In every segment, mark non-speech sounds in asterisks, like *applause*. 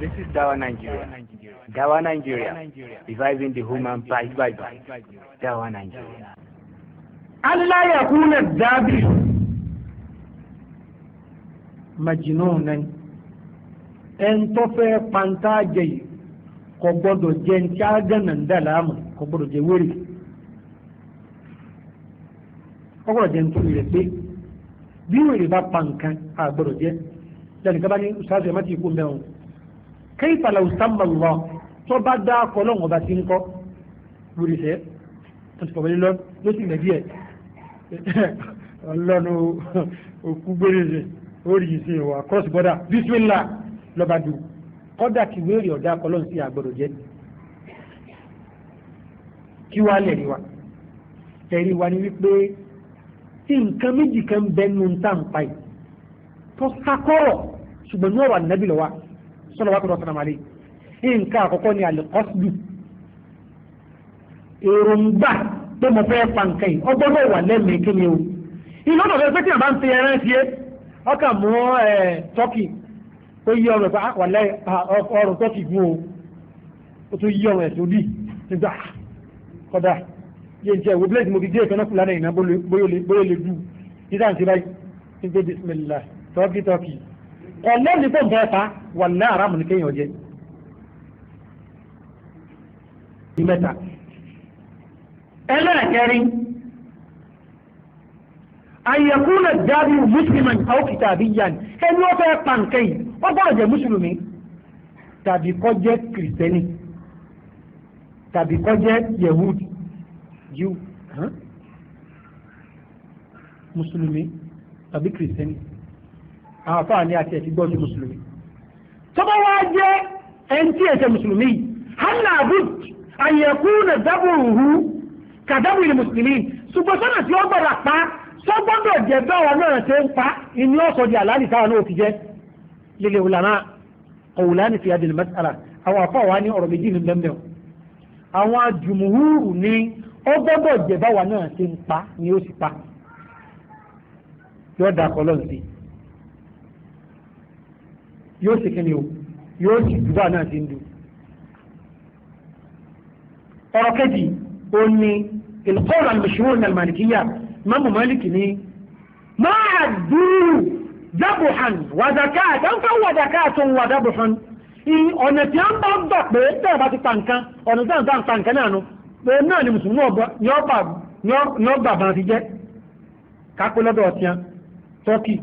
This is Dawa Nigeria. Dawa Nigeria. Reviving the human price. by bite. Dawa Nigeria. Allah ya kuna dabi majinunan ẹn tó fẹ́ panta jẹ yìí kò gbọdọ̀ jẹ ntí agánà ń dà láàmú kò gbọdọ̀ jẹ wéré kò gbọdọ̀ jẹ ntúwì rẹ pé bí wèrè bá pa nǹkan àgbọdọ̀ jẹ lẹ́nu kábàá ní ṣáàṣì ẹ̀ kayfa law samma Allah tó bá dá akọ lọ́wọ́ ọba sí ń kọ́ lórí iṣẹ́ tó ti pọ̀wé lọ ló sì mẹ́bí ẹ̀ *laughs* ọlọ́nu òkú gbére ṣe orí ìṣe wa cross border bismillah lọ́ba dùn kọ́dà kí wéèrè ọ̀dà akọ lọ́wọ́ sí àgbọ̀dọ̀ jẹ́ kí wàá lẹ̀ ní wa ẹ̀rí wa ni wípé tí nǹkan méjì kan bẹ́ẹ̀ nu ń tà ń pa yìí tó ṣùgbọ́n ní ọ̀rọ̀ ànábìlẹ̀ wa. sọlọ́wọ́ tó lọ́sọ̀rọ̀ màlẹ́ nǹkan àkọ́kọ́ ni èròǹgbà pé mo fẹ́ fa nǹkan yìí wà lẹ́mìí kí ni o iná náà fẹ́ tí a bá ń fi ẹran ṣe é ọkà mú ẹ tọ́kì ó yí ẹ̀fọ́ wà tọ́kì o ó tún yí ọrùn ẹ̀sùn dì nígbà kọ́dà yé ìwé ẹlẹ́ni tó ń bẹ́ẹ̀ fa wàlẹ́ àràmù ní kéèyàn jẹ. ìmẹ́ta ẹlẹ́ẹ̀kẹrin àyẹ̀kúnlẹ̀ jáde mùsùlùmí àwọn kìtàbíyàn ẹni wọ́n fẹ́ pa nǹkan yìí wọ́n gbọ́dọ̀ jẹ́ mùsùlùmí tàbí kó jẹ́ kìrìsìtẹ́nì tàbí kó jẹ́ yehudi jíù mùsùlùmí tàbí kìrìsìtẹ́nì àwọn afáà ní àti ẹ̀tí gbọ́sí mùsùlùmí tọ́bọ̀ wá jẹ́ ẹni tí ẹ̀sẹ̀ mùsùlùmí hannah abud àyẹ̀kú na dábòrúhu kàdábù ilẹ̀ mùsùlùmí ṣùgbọ́n sọ́nà tí ó gbọ́dọ̀ pa sọ́gbọ́dọ̀ jẹ́ bẹ́ẹ̀ náà ṣe ń pa ìní ọ̀sọ̀ di àlàálì táwọn náà fi jẹ́ lílẹ̀ òlànà òwúlánì fi adìl mẹ́tàlá àwọn afáà wá ní ọ̀rọ̀ méjì ní bẹ́ẹ̀ àwọn jùmùhúrù ní ó gbọ́dọ̀ jẹ́ báwa náà ṣe ń pa ni ó sì pa yọ̀ọ́dà kọlọ́ọ̀sì yóò sì kí ni o yóò sì dùbà náà ti ń du. ọ̀rọ̀ kejì ó ní ìlúkọ́rọ̀ àlùmọ̀ṣúwò ní àlùmọ̀lìkíyà mọ́mù mọ́lìkì ni máa dúró dábòhàn wàdàkà àtàǹkà wàdàkà àtòun wàdàbòhàn ọ̀nà tí a ń bá gbà pé tẹ́ẹ̀ bá ti pa nǹkan ọ̀nà tí a ń bá pa náà nu pé náà ni mùsùlùmí ní ọgbà bá ti jẹ́ kápẹ́ lọ́dọ̀ ọ̀tíyàn tọ́kì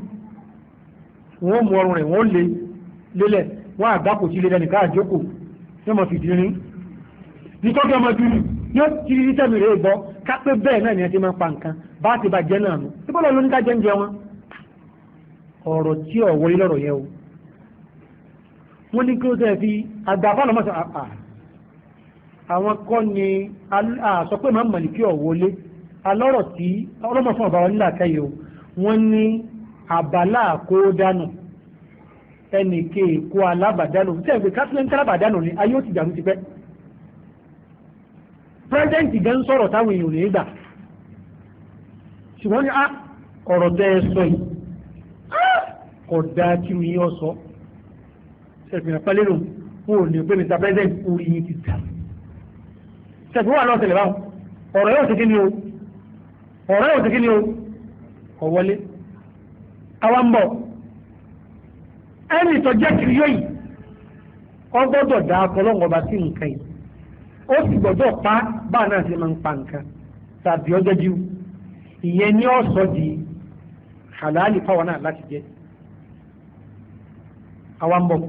wọ́n mú ọrùn rẹ̀ wọ́n lé lélẹ̀ wọ́n àgbákò sí lélẹ̀ nìkan àjókò tí wọ́n fi dín ní. nítorí ọmọ dúró yóò ti rí tẹ̀mí rẹ̀ bọ́ kápẹ́ bẹ́ẹ̀ náà ni ẹ ti máa pa nǹkan bá ti bàjẹ́ náà nù níbo lọ́ọ́ ló ní ká jẹ́ǹjẹ wọn. ọ̀rọ̀ tí ò wọlé lọ́rọ̀ yẹ o wọ́n ní kí ó tẹ̀ fi àgbàfà lọ́mọ́sọ ah, ah. àwọn kọ́ ni àsọ pé màá mọ̀lì kí ọ̀ wọlé alọ́rọ̀ tí ọlọ́mọ fún ọ̀bà wọn nílà kẹ́yẹ o wọ́n ní àbálà kó dánù ẹnì kéèkó alábàdánù tẹ́gbẹ́ káfíńtì alábàdánù ni ayé ó ti dàrú tipẹ́ pírẹ́sidẹ́ǹtì gan sọ̀rọ̀ táwọn èèyàn ní gbà ṣùgbọ́n ní a ah, ọ̀rọ̀ tẹ́ ẹ sọ yìí ah, kò dáa kí mi yọ sọ ṣẹ̀gbìn àpálẹ́ nù wọn ò pé mr president orí yìí ti dà ṣẹ̀gbìn wà náà tẹ̀lé ọ̀rọ̀ yóò ti kí ni o ọ̀rọ̀ yóò ti kí ni o ọ̀wọ́lé àwa ń ẹnì tó jẹ́ kìrìyó yìí ọ gbọ́dọ̀ dá akọlọ́ngọ̀ bá sí nǹkan yìí ó sì gbọ́dọ̀ pa bá náà ṣe máa ń pa nǹkan tàbí ọjọ́ ni ó sọ di halali fáwọn náà láti jẹ àwa ń bọ̀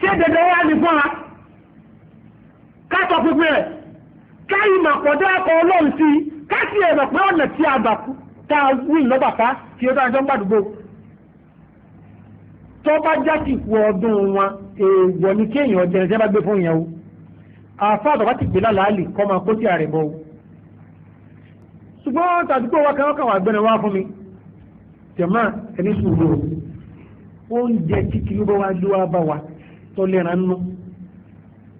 ṣé dẹ̀dẹ̀ wá ní fún wa kátó pípẹ́ rẹ̀ káyìí mà pọ̀ dá akọ ọlọ́run sí i ẹ̀rọ pé ọ̀nà tí a tá a tí ó dáa jọ ń gbàdúgbò tọ́ba jáde wọ ọdún wọn èèwọ̀ ni kéèyàn ọjà ẹ̀jẹ̀ bá gbé fún yẹn o àfa àtọ̀bá ti gbé lálàálì kọ́ máa kó sí ààrẹ o ṣùgbọ́n tàdúgbò wa kan wà gbẹ́nà wá fún mi jẹ̀mọ́ ẹni sùúrù oúnjẹ tí kìlú bá wá ló bá wa tó lẹ́ra nínú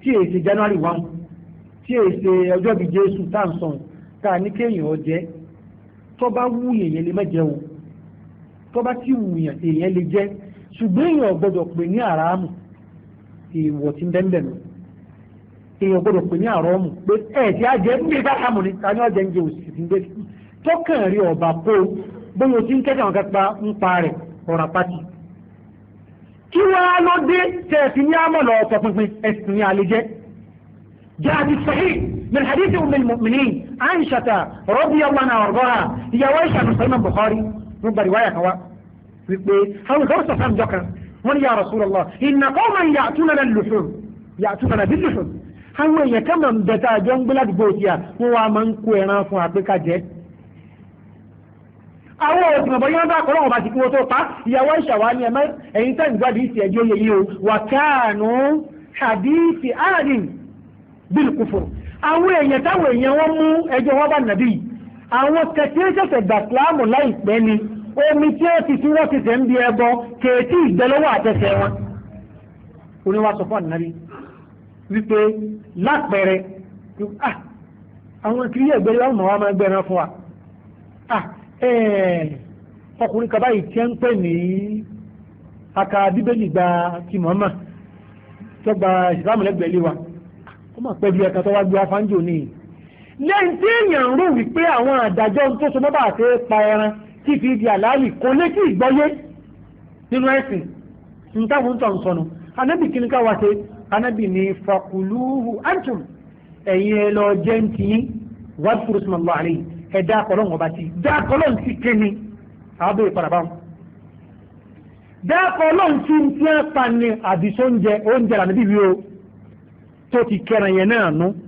tí èyí ṣe January one tí èyí ṣe ọjọ́ bíi Jésù tá à ń sọ̀n tá a ní kéèyàn ọjẹ́ tọ́ba wú èèyàn lè má jẹun tọ́ba tí wù èèyàn lè jẹ́ ṣùgbọ́n èèyàn gbọ́dọ̀ pè ní àràámù ìwọ̀ tí ń bẹ́ńbẹ̀ nù èèyàn gbọ́dọ̀ pè ní àrọ́mù pé ẹ̀ tí a jẹ́ ń gbé káàmù ni ta ni ọ̀jẹ̀ ń jẹ òsì tí ń gbé tọ́kàn rí ọ̀bà pé o bóyá o ti ń kẹ́kẹ́ àwọn kápá ń pa rẹ̀ ọ̀rà pátì. kí wọ́n á lọ dé tẹ̀ fi ní àmọ́ lọ ọ̀tọ̀ pinpin ẹ̀sìn ní alẹ́ jẹ́. جاء في الصحيح من حديث أم المؤمنين عائشة رضي الله عنها وارضاها هي عائشة من صحيح البخاري رب رواية كوا wípé àwọn kan sọ̀fà kan wọ́n ní ya Rasulullah inna qawman ya'tunana al-luhum ya'tunana bil-luhum àwọn èèyàn kan máa ń bẹ tá a jọ ń gbé a wọ́n wá máa ń kó ẹran fún àpékájẹ́ àwọn òògùn ọ̀bọ̀ yọ́n bá kọ́rọ̀ ọ̀bá ti kí wọ́n tó pa ìyàwó ìṣàwá ìsì ẹ̀jọ́ yẹ yìí o wà hadithi bil kufur omi tí ó ti tí wọ́n ti tẹ̀ ń bi ẹbọ kèétí ìgbẹ́lọ́wọ́ àtẹsẹ̀ wọn. oníwà sọ fún ànábì wípé lápẹẹrẹ ah, àwọn kiri ẹgbẹ́rẹ́ wọn máa máa gbẹ́ran fún wa ah, ọkùnrin kaba yìí tiẹ́ ń pè ní aka bíbélì gba ti mọ́mà tó gba ìsìlámù lẹ́gbẹ̀ẹ́ lé wa ó mà pẹ́ bí ẹ̀ka tó wá gbé afánjò nìyí. lẹ́yìn tí èèyàn ń rò wípé àwọn àdájọ́ tó so mọ́ bàtẹ́ pa ẹran tí fi di àlàálì kò lé tí ìgbọ́yé nínú ẹ̀sìn nítawọ̀ ń tọ̀n sọnù anábì kí ni ká wá ṣe anábì ní fakuluhu antum ẹ̀yin ẹ lọ jẹ́ ń tiyín wàá fúru sùnmọ̀ lọ àlẹ́ yìí ẹ̀ dá akọ́lọ́ wọn bá ti dá akọ́lọ́ ti ké ni àbẹ̀ ìparaba wọn. dá akọ́lọ́ ti ń tiẹ́ pa ni àbísọ́ oúnjẹ oúnjẹ lànà bíbí o tó ti kẹràn yẹn náà nù. No?